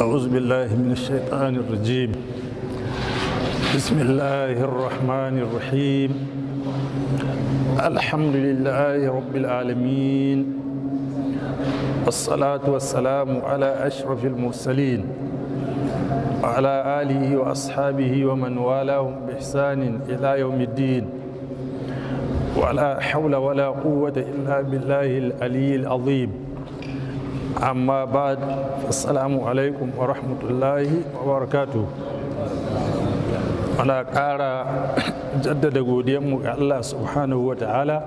أعوذ بالله من الشيطان الرجيم بسم الله الرحمن الرحيم الحمد لله رب العالمين والصلاة والسلام على أشرف المرسلين وعلى آله وأصحابه ومن والاهم بإحسان إلى يوم الدين ولا حول ولا قوة إلا بالله العلي العظيم amma ba assalamu alaikum wa rahmatullahi wa barakatu ana ƙara jaddada godiyanmu ga Allah subhanahu wa ta'ala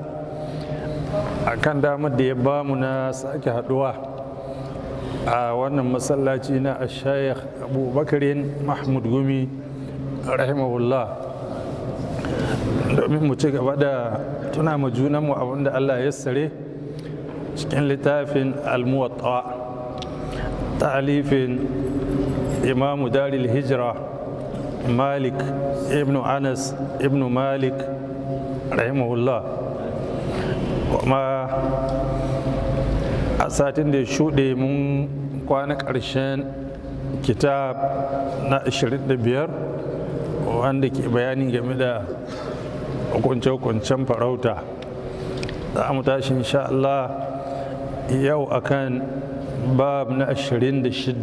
a kan damar da ya ba mu na sake haduwa. a wannan masallaci na ashayar abubakarin mahmud gumi rahimahullah domin mu ci gaba da tuna mu junanmu abinda Allah ya sare cikin littafin almuwatta ta'alifin imamu daril hijira malik ibnu anas ibnu malik rahimahullah kuma a satin da ya shuɗe mun kwana ƙarshen kitab na 25 wanda ke bayani game da hukunce-hukuncen farauta za mu tashi insha Allah yau akan bab na 26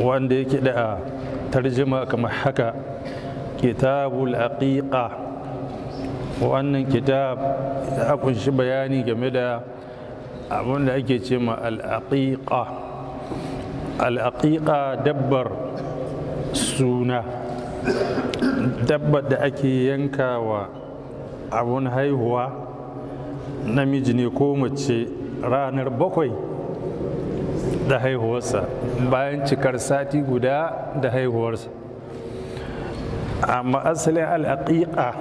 wanda yake da tarjima kamar haka kitabul aqiqa wannan kitab ya kunshi bayani game da abin da ake ce ma al'aqiqa al'aqiqa dabbar suna dabbar da ake yankawa abun haihuwa namiji ne ko mace ranar bakwai da haihuwarsa bayan cikar sati guda da haihuwarsa amma asalin al'aƙiƙa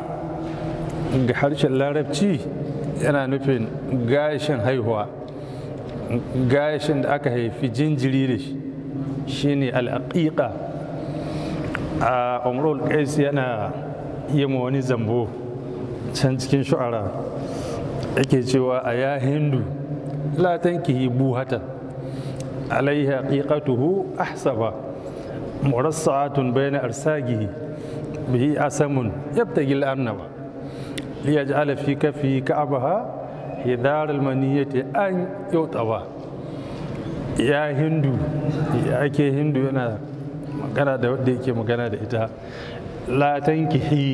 ga harshen larabci yana nufin gashin haihuwa gashin da aka haifi jinjiri da shi shine al'aƙiƙa a umarul qais yana yi wani zambo can cikin shu'ara yake cewa a ya hindu la tankihi buhatan alaiha haqiqatuhu ahsaba murassa'atun bayna arsagihi bihi asamun yabtagil al-arnaba liyaj'ala fi kafi ka'abaha hidar al-maniyati an yutawa ya hindu ya ke hindu yana magana da wadda yake magana da ita la tankihi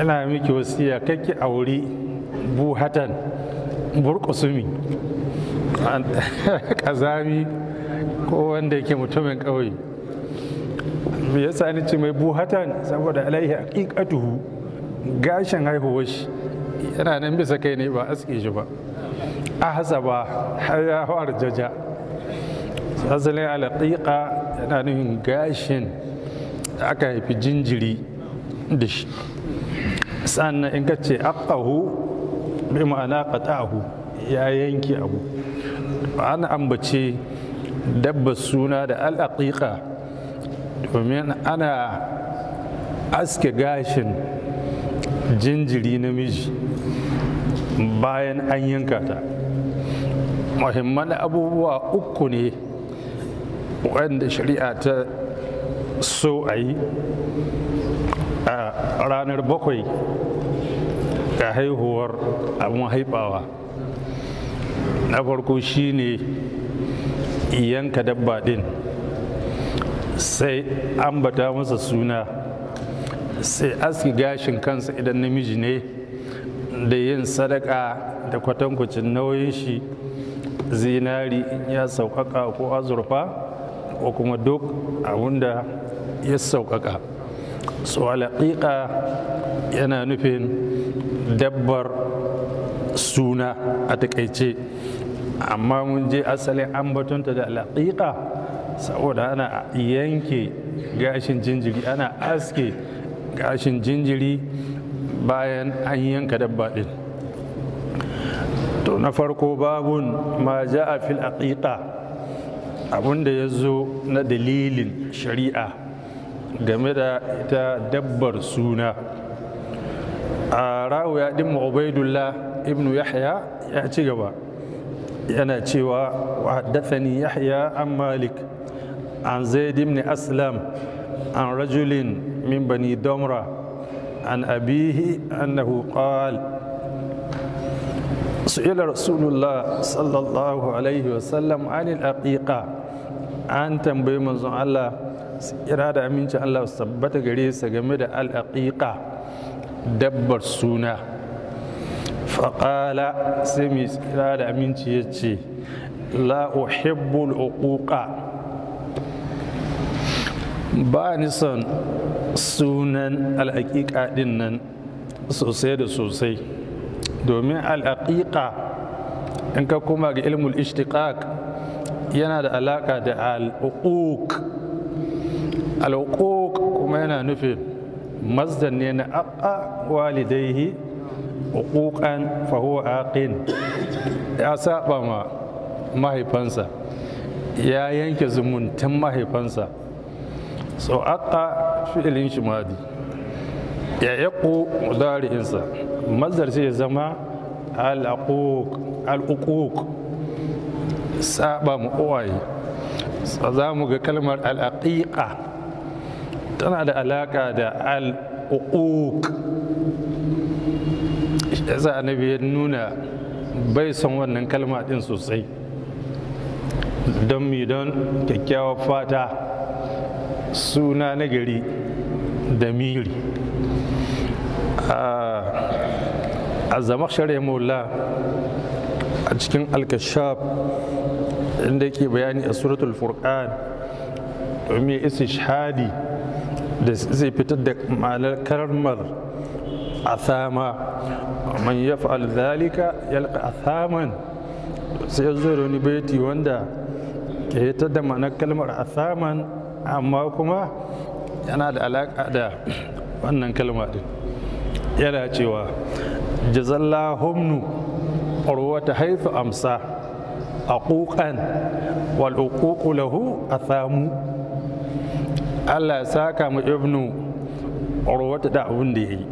yana miki wasiya kake aure buhatan burkusumi kazami ko wanda yake mutumin ƙauye me ya ce mai buhatan saboda alaihi aqiqatuhu gashin haihuwar shi yana nan bisa kai ne ba aske shi ba a ba har ya fara jaja asalin alaƙiƙa yana nufin gashin da aka haifi jinjiri da shi sannan in ka ce aqahu bi ma'ana qata'ahu ya yanke abu an ambace dabba suna da alaƙiƙa domin ana aske gashin jinjiri namiji bayan an yanka ta muhimman abubuwa uku ne wanda shari'a ta so a yi a ranar bakwai ga haihuwar abin haifawa na farko shine yanka dabba din sai an ambata masa suna sai aski gashin kansa idan namiji ne da yin sadaka da kwatankwacin nauyin shi zinari ya sauƙaƙa ko azurfa ko kuma duk abinda ya sauƙaƙa Su alaƙiƙa yana nufin dabbar suna a takaice amma mun je asalin an batunta da alaƙiƙa saboda ana yanke gashin jinjiri ana aske gashin jinjiri bayan an yanka dabba ɗin to na farko babun ma ja a aqiqa, aƙiƙa da ya zo na dalilin shari'a game da ita dabbar suna a ya ɗin ubaidullah ibnu yahya ya ci gaba yana cewa haddathani yahya an malik an zaid ibn aslam an rajulin min bani domra, an abihi annahu qala سئل رسول الله صلى الله عليه وسلم عن العقيقة an tambayi manzon Allah tsira da amincin Allah su tabbata gare sa game da al'aƙiƙa dabbar suna faƙala sai mai tsira da aminci ya ce la uquqa ba ni son sunan al'aƙiƙa ɗin nan sosai da sosai domin al'aƙiƙa in ka koma ga ilmul ishtiqaq yana da alaƙa da al'uquq alƙoƙ kuma yana nufin masdar ne na abba walidaihi uquqan fa huwa aqin ya saba ma mahaifansa ya yanke zumuntan mahaifansa so aqa fi'ilin shi madi ya yaqu mudari'insa mazdar sai ya zama al-uquq saba mu uwaye za mu ga kalmar alaƙiƙa. tana da alaƙa da al'uq yasa annabi ya nuna bai son wannan kalma ɗin sosai don mi don kyakkyawar fata suna na gari da miri a ah, zama shari'a maula a cikin alkashaf inda ke bayani a suratul furqan domin isi shahadi da zai fitar da ma'anar kalmar athama man yaf'al dhalika yalqa athaman sai zo da wani baiti wanda ke ta da ma'anar kalmar athaman amma kuma yana da alaƙa da wannan kalmar din yana cewa jazallahumnu ta haifu amsa a wal uququ lahu athamu Allah ya saka mu ibnu urwata da abun da ya yi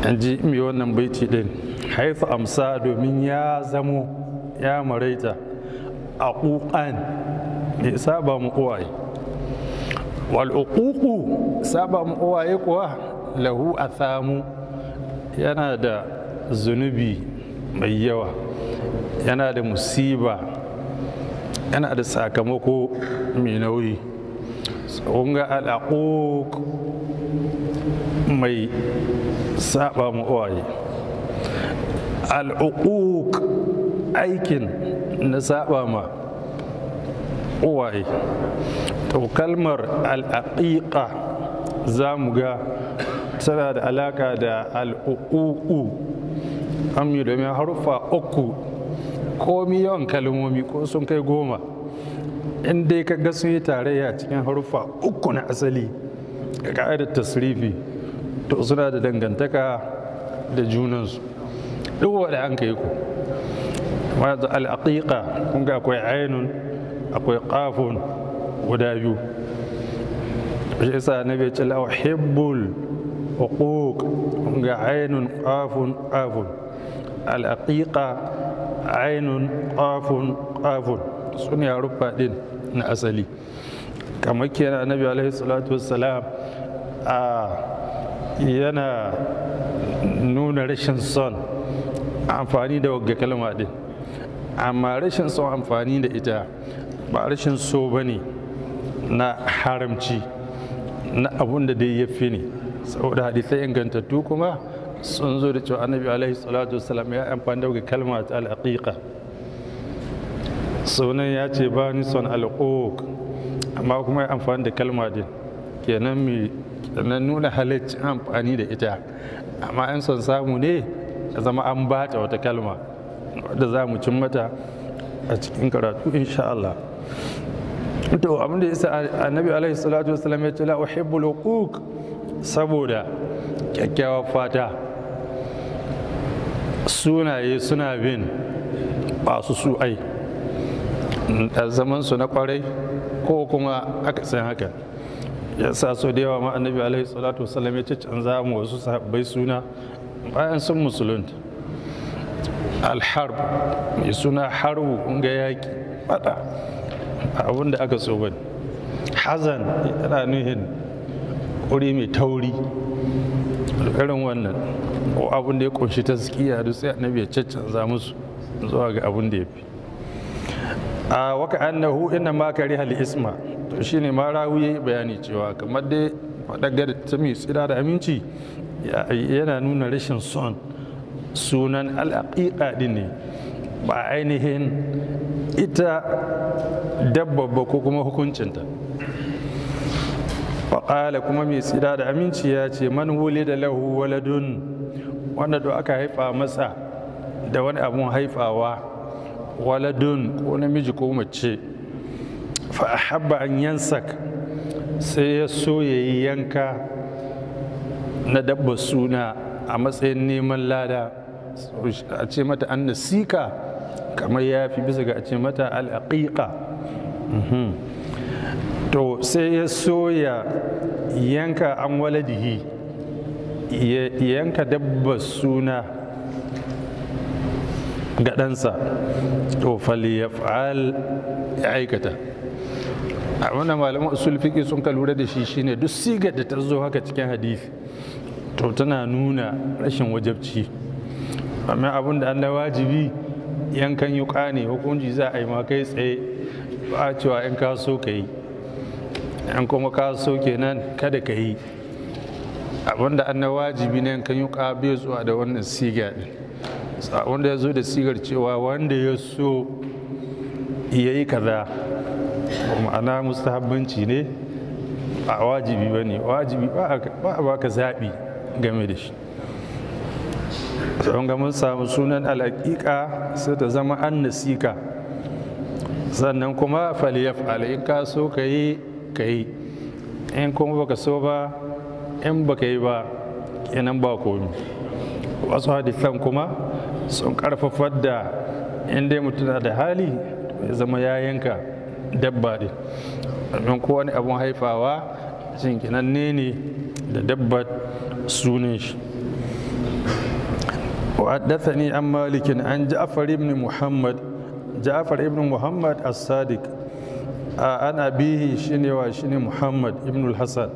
an ji mai wannan baiti din haifu amsa domin ya zamo ya maraita a ƙuƙan da saba mu uwaye wal'uƙuƙu saba mu uwaye kuwa lahu a samu yana da zunubi mai yawa yana da musiba yana da sakamako mai nauyi kunga al'aquq mai saba mu uwaye al'uquq aikin na saba ma uwaye to kalmar al'aqiqa za mu ga tana da alaƙa da al'uququ amma domin harufa uku komi yawan kalmomi ko sun kai goma in dai ka ga sun yi tarayya cikin haruffa uku na asali ga ka'idar tasrifi to suna da dangantaka da junansu duk wadda an yi ku wadda al'aƙiƙa kun ga akwai ainun akwai ƙafun guda biyu shi isa na bai cila wa hibbul hukuk kun ga ainun ƙafun ƙafun al'aƙiƙa ainun ƙafun ƙafun su ne haruffa ɗin na asali kamar kenan annabi alaihi salatu wassalam a yana nuna rashin son amfani da wagga kalma ɗin amma rashin son amfani da ita ba rashin so ba ne na haramci na abun da dai ya fi ne saboda hadisai ingantattu kuma sun zo da cewa annabi alaihi salatu wasalam ya amfani da kalma ta al'aqiqa sunan ya ce ba ni son alƙoƙ amma kuma ya amfani da kalma din kenan mai kenan nuna halicci amfani da ita amma yan son samu ne ya zama an bata wata kalma wadda za mu cin mata a cikin karatu insha Allah to abin da isa annabi alaihi salatu wasallam ya ce la uhibbu uquq saboda kyakkyawar fata sunaye suna bin ba su su ai Eh, zaman su na kwarai ko kuma aka san haka ya sa so da yawa ma annabi alaihi salatu wasallam ya canza mu wasu sahabbai suna bayan sun musulunta alharb mai suna harbu ga yaƙi fada abin da aka so bane hazan yana nuhin kuri mai tauri irin wannan ko abin da ya kunshi ta zikiya duk sai annabi ya canza musu zuwa ga abin da ya fi a waka annahu ina ma kariha isma to shine ma rawiye bayani cewa kamar dai fadagar ta mai tsira da aminci yana nuna rashin son sunan al'aqiqa din ne ba ainihin ita dabba ko kuma hukuncinta faƙala kuma mai tsira da aminci ya ce man wule da lahu waladun wanda da aka haifa masa da wani abun haifawa waladun ko namiji ko mace fa ahabba an yansak sai ya so ya yi yanka na dabba suna a matsayin neman lada a ce mata an nasika kamar ya fi bisa ga a ce mata al'aƙiƙa mhm. to sai ya so ya yanka an waladihi yanka dabba suna ga ɗansa to falyaf'al ya aikata a wannan malaman usul fiqi sun ka lura da shi shine duk sigar da ta zo haka cikin hadisi to tana nuna rashin wajabci amma abin da Allah wajibi yankan yi ne hukunci za a yi ma kai tsaye ba cewa in ka so ka yi in kuma ka so kenan kada ka yi abin da Allah wajibi ne yankan yuka bai zuwa da wannan sigar. din wanda ya zo da sigar cewa wanda ya so ya yi kaza ma'ana mustahabbanci ne a wajibi ba ne wajibi ba a baka zaɓi game da shi sun ga mun samu sunan alaƙiƙa sai ta zama an nasika sannan kuma faliyaf alaƙiƙa so ka yi ka yi in kuma baka so ba in baka yi ba kenan ba komi wasu hadisan kuma sun karfafar da inda mutum da hali ya zama ya yanka dabba ne domin kowane abun haifawa jinkinanne ne da dabbar sunan shi وحدثني عن مالك عن جعفر بن محمد جعفر بن محمد الصادق عن أبيه شني وشني محمد ابن الحسن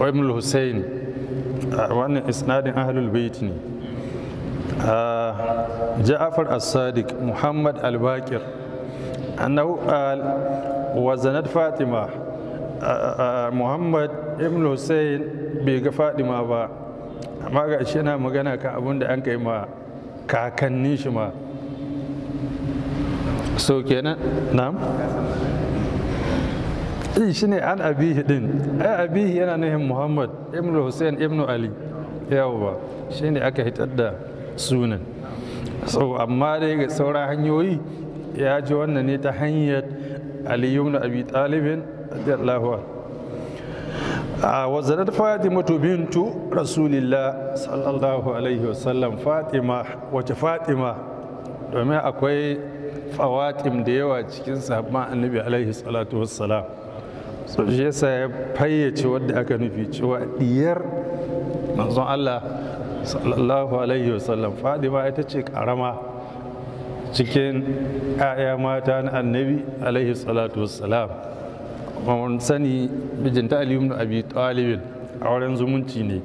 وابن الحسين وأن إسناد أهل البيت Sadiq Muhammad جعفر الصادق محمد الباكر أنه قال وزنت فاطمة محمد ابن حسين بيغ فاطمة ba. amma ga shi yana magana kan abin da an kai ma kakannin shi ma so kenan na'am shi ne an abihi din ai abihi yana nufin muhammad ibn hussein ibn ali yawa shi ne aka hitar da sunan so amma dai ga sauran hanyoyi ya ji wannan ne ta hanyar aliyu na abi talibin radiyallahu a wazarar fatima to bintu rasulillah sallallahu alaihi wasallam fatima wace fatima domin akwai fawatim da yawa cikin sahabban annabi alaihi salatu wassalam so shi yasa ya fayyace wadda aka nufi cewa diyar manzon Allah sallallahu alaihi wasallam fadima ita ce karama cikin 'ya'ya mata na annabi alaihi salatu wassalam mun sani mijinta ali ibn abi talib auren zumunci ne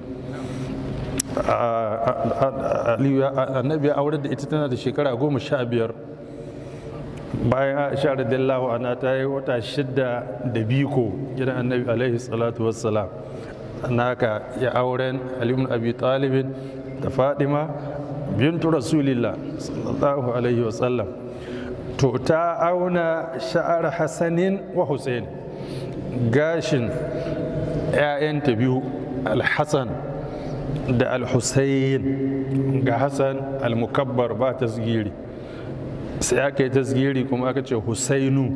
annabi ya aurar da ita tana da shekara goma sha biyar bayan aisha radiyallahu anha ta yi wata shidda da biko gidan annabi alaihi salatu wassalam naka ya auren alimun abi talibin da fadima bintu rasulillah sallallahu alaihi wasallam to ta auna sha'ar hasanin wa hussein gashin 'ya'yanta biyu alhassan da alhussein ga hassan almukabbar ba tasgiri sai aka yi tasgiri kuma aka ce husainu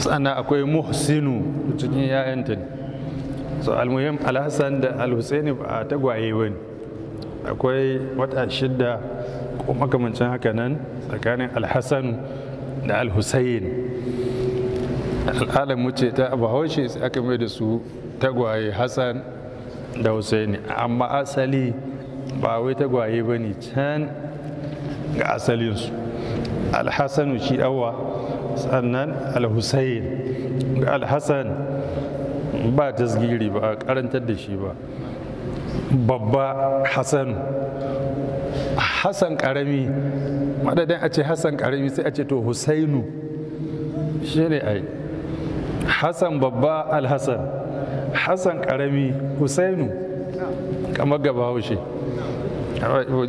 sannan akwai muhsinu cikin 'ya'yanta ne so almuhim alhassan da alhussaini ba tagwaye wani akwai wata shidda ko makamancin haka nan tsakanin alhassan da alhussain al'adar muce ta bahaushe sai aka mai da su tagwaye hassan da husaini amma asali ba wai tagwaye ba ne can ga asalinsu alhassanu shi awa sannan alhussain ga alhassan ba tasgiri ba a karantar da shi ba babba hassan hassan karami madadin a ce hassan karami sai a ce to husainu shi ne yi hassan babba alhassan hassan karami husainu kamar gaba haushe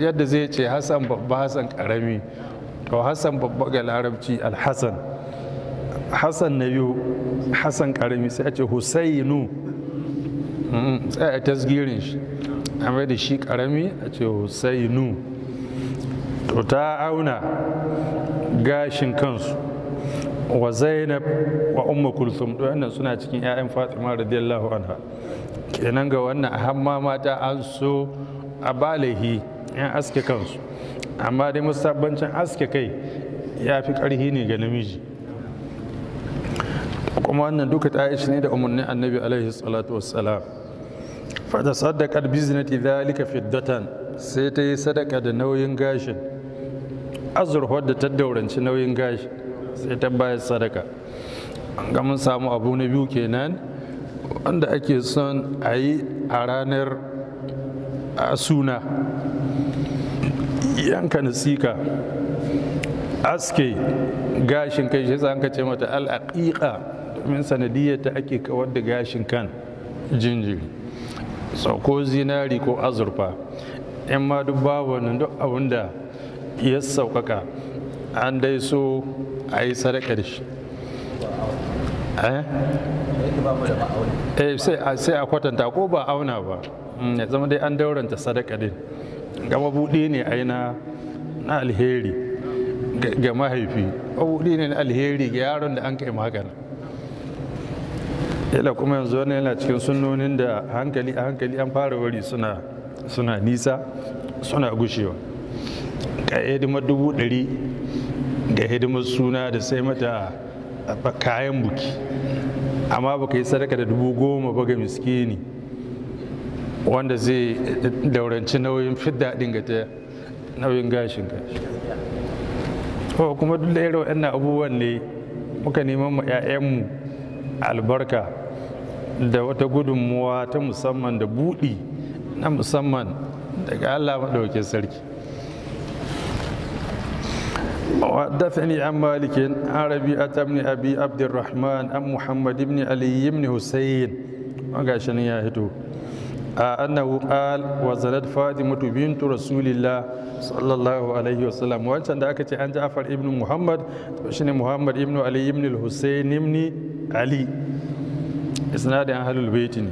yadda zai ce hassan babba hassan karami to hassan babba ga larabci alhassan hassan na biyu hassan karami sai a ce husainu sai a tasgirin shi amma da shi karami a ce husainu to ta auna gashin kansu wa zainab wa umma kulthum wannan suna cikin 'ya'yan fatima radiyallahu anha kenan ga wannan hamma mata an so a balahi 'yan aske kansu amma dai musabbancin aske kai ya fi ƙarhi ne ga namiji kuma wannan duka ta aishi ne da umarnin annabi alaihi salatu wassalam fata sadakar bizinati zalika fiddatan sai ta yi sadaka da nauyin gashin Azur da ta dauranci nauyin gashi sai ta bayar sadaka an ga samu abu na biyu kenan wanda ake son a yi a ranar Asuna, yanka nasika aske gashin kai shi ka ce mata al'aƙiƙa min sanadiyyar ta ake kawar da gashin kan jinjiri ko zinari ko azurfa in ma duk babu wannan duk abin da ya sauƙaƙa an dai so a yi sadaka da shi eh, eh sai a kwatanta ko ba auna ba mm, ya zama dai an dauranta sadaka din gama buɗe ne a na alheri ga mahaifi buɗe ne na alheri ga yaron da an kai magana ila kuma yanzu wannan yana cikin sunnonin da hankali a hankali an fara wari suna nisa suna gushewa ga hidimar dubu ɗari ga hidimar suna da sai mata kayan buki amma baka yi sadaka da dubu goma ba ga miskini wanda zai dauranci nauyin fidda dinga ta nauyin gashin gashi kuma duk da irin abubuwan ne muka neman mu 'ya'yanmu albarka da wata gudunmuwa ta musamman da buɗi na musamman daga Allah maɗauke sarki dafani an malikin arabi a tamni abi abdurrahman an muhammad ibn aliyu ibn hussein ga shi ya hito a annahu qal wa zalat fatimatu bintu rasulillah sallallahu wancan da aka ce an ja'far ibn muhammad shine muhammad ibn ali ibn al ali isnadin ahlul baiti ne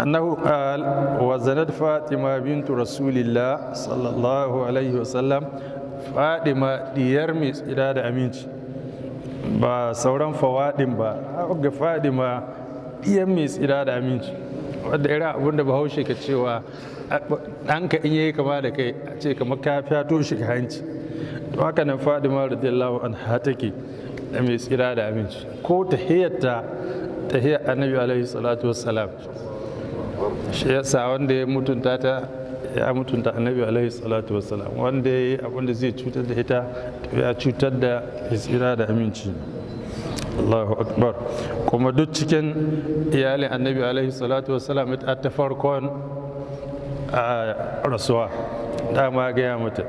annahu qal wa zanat fatima bintu rasulillah sallallahu alaihi wasallam fatima diyar mai tsira da aminci ba sauran fawadin ba ga fatima diyar mai tsira da aminci wadda ira abinda bahaushe ka cewa ɗanka in yayi kama da kai a ce kamar ka fyato shi ka hanci to haka nan fatima radiyallahu anha take da mai tsira da aminci ko ta hiyarta tahiyar annabi alaihi salatu wasalam shi yasa wanda ya mutunta ta ya mutunta annabi alaihi salatu wasalam wanda ya yi abinda zai cutar da ita ya cutar da tsira da aminci Allahu akbar kuma duk cikin iyalin annabi alaihi salatu wasalam ita ta farkon a rasuwa dama gaya mata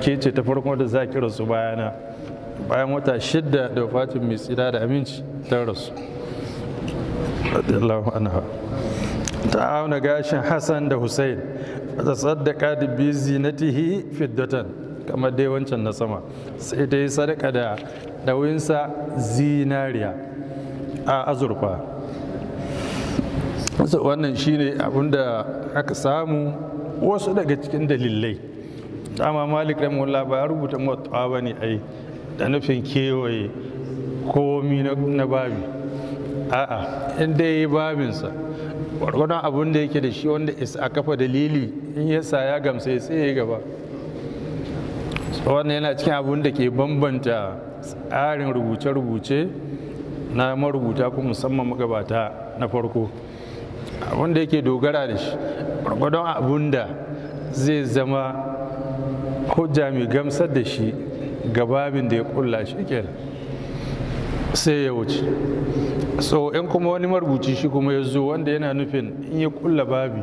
ke ce ta farkon da zaki rasu bayana bayan wata shidda da wafatin mai tsira da aminci ta rasu ta auna gashin hassan da hussein a saddaka da kadibi na fiddatan kamar dai wancan na sama sai ta yi sadaka da ɗawinsa zinariya a azurfa wannan shine abinda aka samu wasu daga cikin dalilai ma malik rahimahullah ba rubuta mutuwa ba ne ai da nufin kewaye komi na babi a'a inda ya ya babinsa gwargwadon abin da yake da shi wanda a kafa dalili in ya sa ya gamsa ya tsaye gaba wannan yana cikin abin da ke bambanta tsarin rubuce-rubuce na marubuta ko musamman magabata na farko abin da yake dogara da shi gwargwadon abin da zai zama hujja mai gamsar da shi ga babin da ya kulla shi kenan sai ya wuce so in kuma wani marubuci shi kuma ya zo wanda yana nufin in ya kulla babi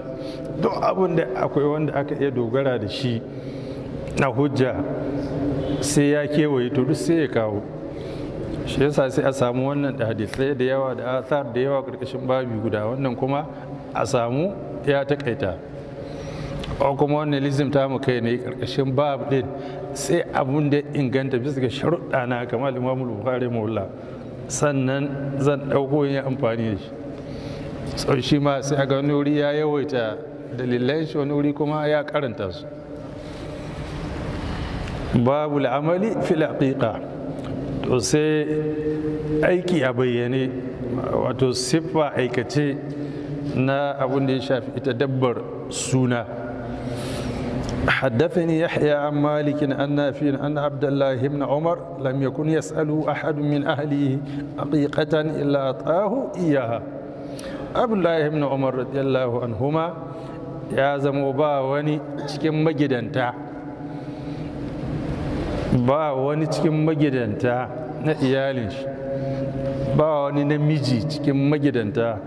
don abin da akwai wanda aka iya dogara da shi na hujja sai ya kewaye to duk sai ya kawo shi yasa sai a samu wannan da hadisai da yawa da athar da yawa karkashin babi guda wannan kuma a samu ya takaita ko kuma wannan lizim ta mu kai ne karkashin bab din sai abun da inganta bisa ga sharuɗa na kamar limamul bukhari mawla sannan zan ɗauko yin amfani da shi sau shi ma sai a ga wuri ya yawaita dalilan shi wani wuri kuma ya karanta su babu la'amali fil laƙiƙa, to sai aiki a bayyane wato siffa aikace na abin da ya shafi ita dabbar suna حدثني يحيى عن مالك أن نافع أن عبد الله بن عمر لم يكن يسأله أحد من أهله حقيقة إلا أعطاه إياها عبد الله بن عمر رضي الله عنهما ya zamo ba wani cikin magidanta na iyalin ba wani namiji cikin magidanta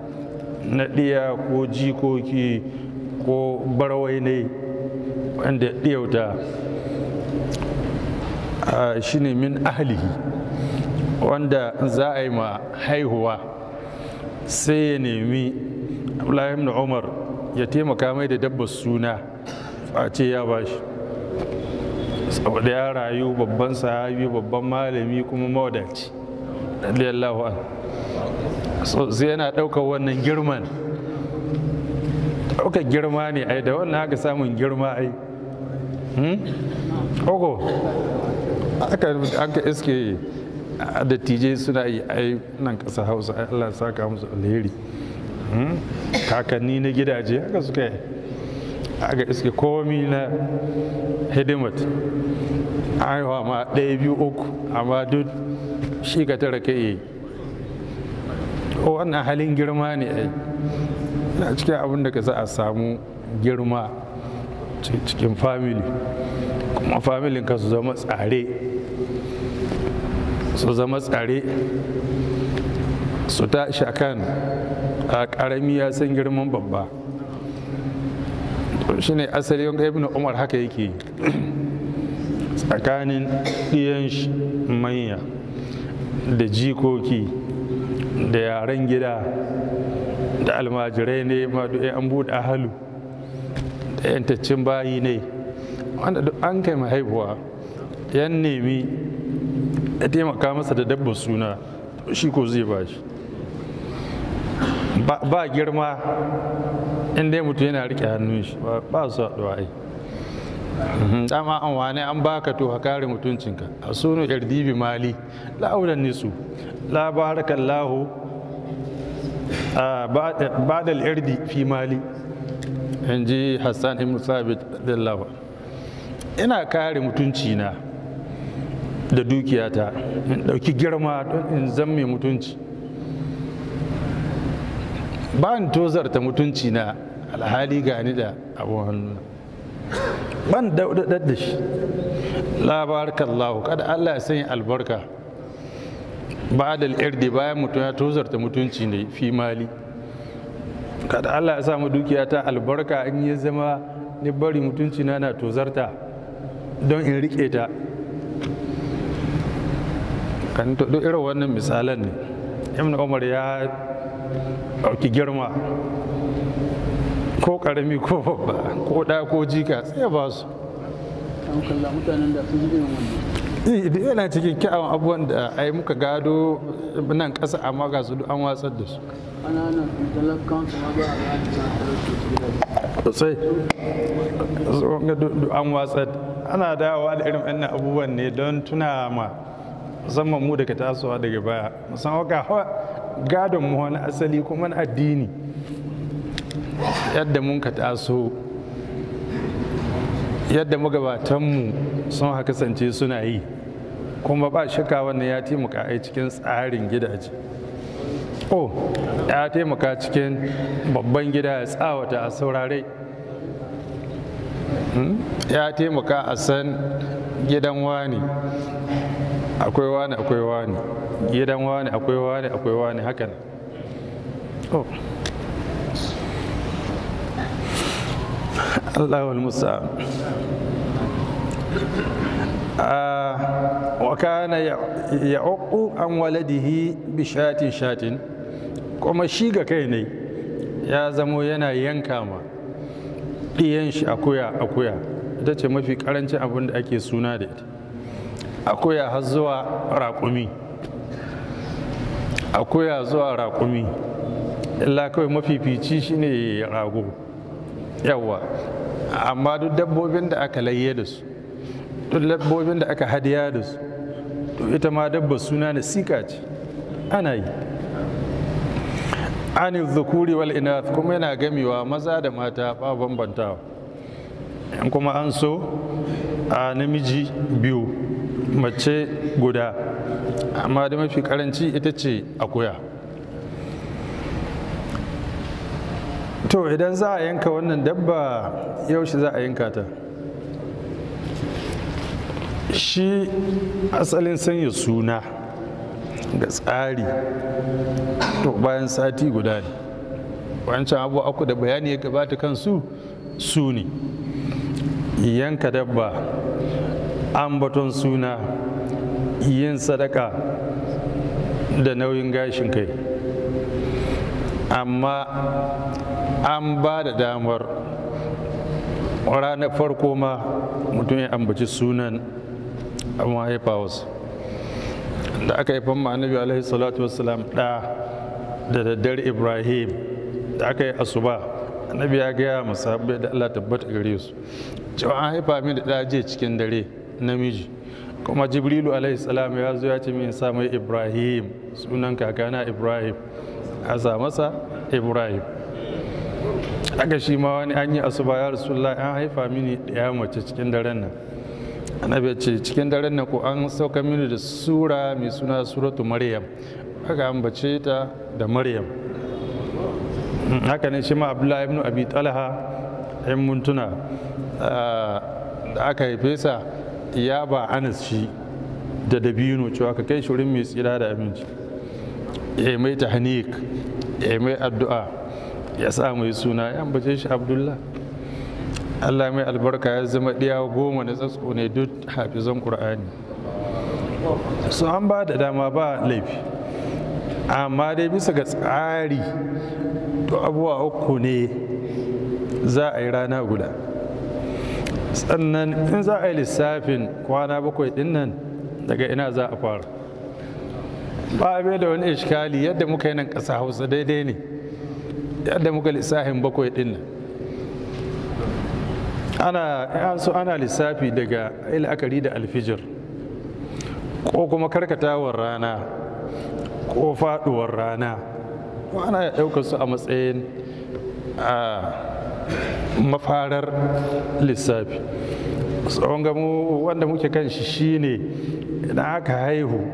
na ɗiya ko jikoki ko barwai wanda ya ɗiyauta shi ne min ahalihi wanda za a yi ma haihuwa sai ya nemi abdullahi na umar ya taimaka mai da dabbar suna a ce ya bashi saboda ya rayu babban sahabi babban malami kuma mawadaci radiyallahu an sai yana ɗaukar wannan girman ɗaukar girma ne ai da wannan haka samun girma ai Hmm? ogo aka aka iske dattijai suna yi ai nan ƙasa hausa Allah allah saka musu alheri hmm? kakanni na gidaje haka suka yi aka iske komi na hidimat aiwa ma ɗaya biyu uku amma duk shi ka tara ka yi wannan halin girma ne ai na cikin abin da ka za a samu girma cikin family kuma familin ka su zama tsare su zama tsare su tashi a a ƙarami ya san girman babba shi ne asalin ibn umar haka yake tsakanin ɗiyan manya da jikoki da yaren gida da almajirai ne ma an buɗe halu da yantaccen bayi ne wanda duk an kai haihuwa yan nemi ya taimaka masa da dabbar suna shi ko zai ba shi ba girma inda ya mutum yana rike hannun shi ba su haɗuwa ai mhm, dama an wane an baka to ka kare mutuncinka a sunu yardibi mali la'auran nisu labarakan laho, ba da irdi fi mali in ji hassan ibn sabit radiyallahu ina kare mutunci na da dukiyata in ɗauki girma don in zamme mutunci ba in tozarta mutunci na alhali gani da abu hannu ban daudadar da shi labarakallahu kada allah ya sanya albarka ba da bayan mutum ya tozarta mutunci ne fi mali kada Allah ya samu dukiya ta albarka in ya zama ni bari mutunci na na tozarta don in rike ta kan to irin wannan misalan ne ibn umar ya ɗauki girma ko ƙarami ko babba ko ɗa ko jika sai ba su mutanen da sun irin wannan da yana cikin kyawun abubuwan da yi muka gado nan ƙasa amma ga su an watsar da su sai an watsar ana dawowa da irin wannan abubuwan ne don tuna ma musamman mu daga tasowa daga baya musamman ga gadon mu wani asali kuma na addini yadda mun ka taso yadda magabatanmu sun haka kasance suna yi kuma ba shakka wannan ya taimaka a cikin tsarin gidaje oh ya taimaka cikin babban gida ya tsawata a saurare hmm? ya taimaka a san gidan wani akwai wani akwai wani gidan wani akwai wani akwai wani hakan oh Allahul Musa wa kana uku an waladihi bi shatin shatin kuma shi ga kai ne ya zamo yana yanka ma ɗiyan shi akuya akuya ita ce mafi ƙarancin abin da ake suna da ita akuya har zuwa raƙumi akuya zuwa raƙumi illa kawai mafifici shine rago yawa amma duk dabbobin da aka layye da su labbobin da aka hadiya da su to ita ma dabba suna na sika ce ana yi Ani zukuri wal inath kuma yana gamewa maza da mata ba bambantawa in kuma an so a namiji biyu mace guda amma da mafi karanci ita ce akuya to idan za a yanka wannan dabba yaushe za a yanka ta shi asalin sanya suna ga tsari to bayan sati guda ne wancan abu aku da bayani ya gabata kansu su ne yanka dabba ambaton suna yin sadaka da nauyin gashin kai amma an ba da damar ranar farko ma mutum ya ambaci sunan an haifa wasu da aka yi fama annabi alaihi salatu ɗa da daddare ibrahim da aka yi asuba annabi ya gaya masa da allah tabbata gare su cewa an haifa min da ɗaje cikin dare namiji kuma jibrilu alaihi salam ya zo ya ce min sa mai ibrahim sunan kakana ibrahim a sa masa ibrahim aka shi ma wani an yi asuba ya rasulullah an haifa mini ya mace cikin daren nan annabi ce cikin daren na ku an sauka mini da sura mai suna suratu maryam aka ambace ta da maryam hmm, haka ne shi ma abdullahi ibn abi talha yan muntuna da aka haife sa ya ba anas shi da dabino cewa ka kai shirin mai tsira da aminci ya mai tahnik ya mai addu'a ya sa mai suna ya ambace shi abdullahi Allah mai albarka ya zama ɗiya goma na tsatsko ne duk hafizan ƙur'ani su an ba da dama ba laifi amma dai bisa ga tsari to abubuwa uku ne za a yi rana guda sannan in za a yi lissafin kwana bakwai ɗin nan daga ina za a fara ba a da wani ishkali yadda muka yi nan ƙasa hausa daidai ne yadda muka lissafin bakwai ɗin nan ana so ana lissafi daga la'akari da alfijir ko kuma karkatawar rana ko faduwar rana ana ya ɗaukar su a matsayin a mafarar lissafi tsawon gamu wanda muke kan shi shine idan aka haihu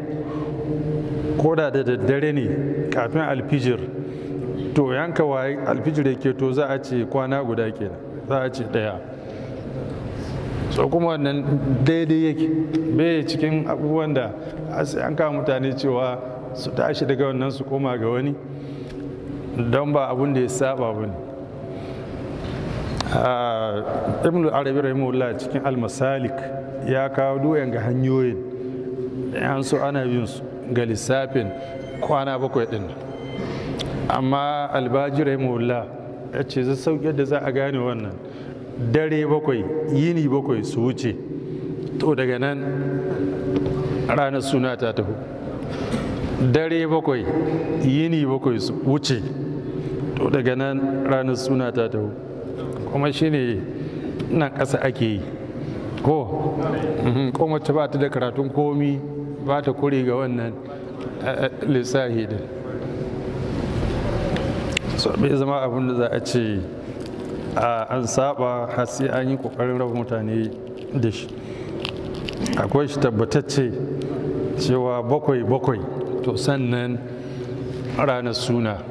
ko da daddare ne kafin alfijir to yanka waye alfijir yake to za a ce kwana guda kenan za a ce ɗaya so kuma wannan daidai yake bai cikin abubuwan da an kama mutane cewa su tashi daga wannan su koma ga wani don ba abun da ya saba ba ne ah, ibn arabi rahimahullah cikin almasalik ya kawo duwayen ga hanyoyin yan so ana bin su ga lissafin kwana bakwai din amma albaji rahimahullah ya ce zai sauƙi da za a gane wannan dare bakwai yini bakwai su wuce to daga nan ranar suna ta taho dare bakwai yini bakwai su wuce to daga nan ranar suna ta tafi kuma ne nan ƙasa ake yi ko mhm, kuma ta ba ta da karatun komi ba ta kure ga wannan eh, eh, lissahi din so bai zama abin da za a ce an saba har sai an yi kokarin raba mutane da shi akwai shi tabbatacce cewa bakwai bakwai to sannan ranar suna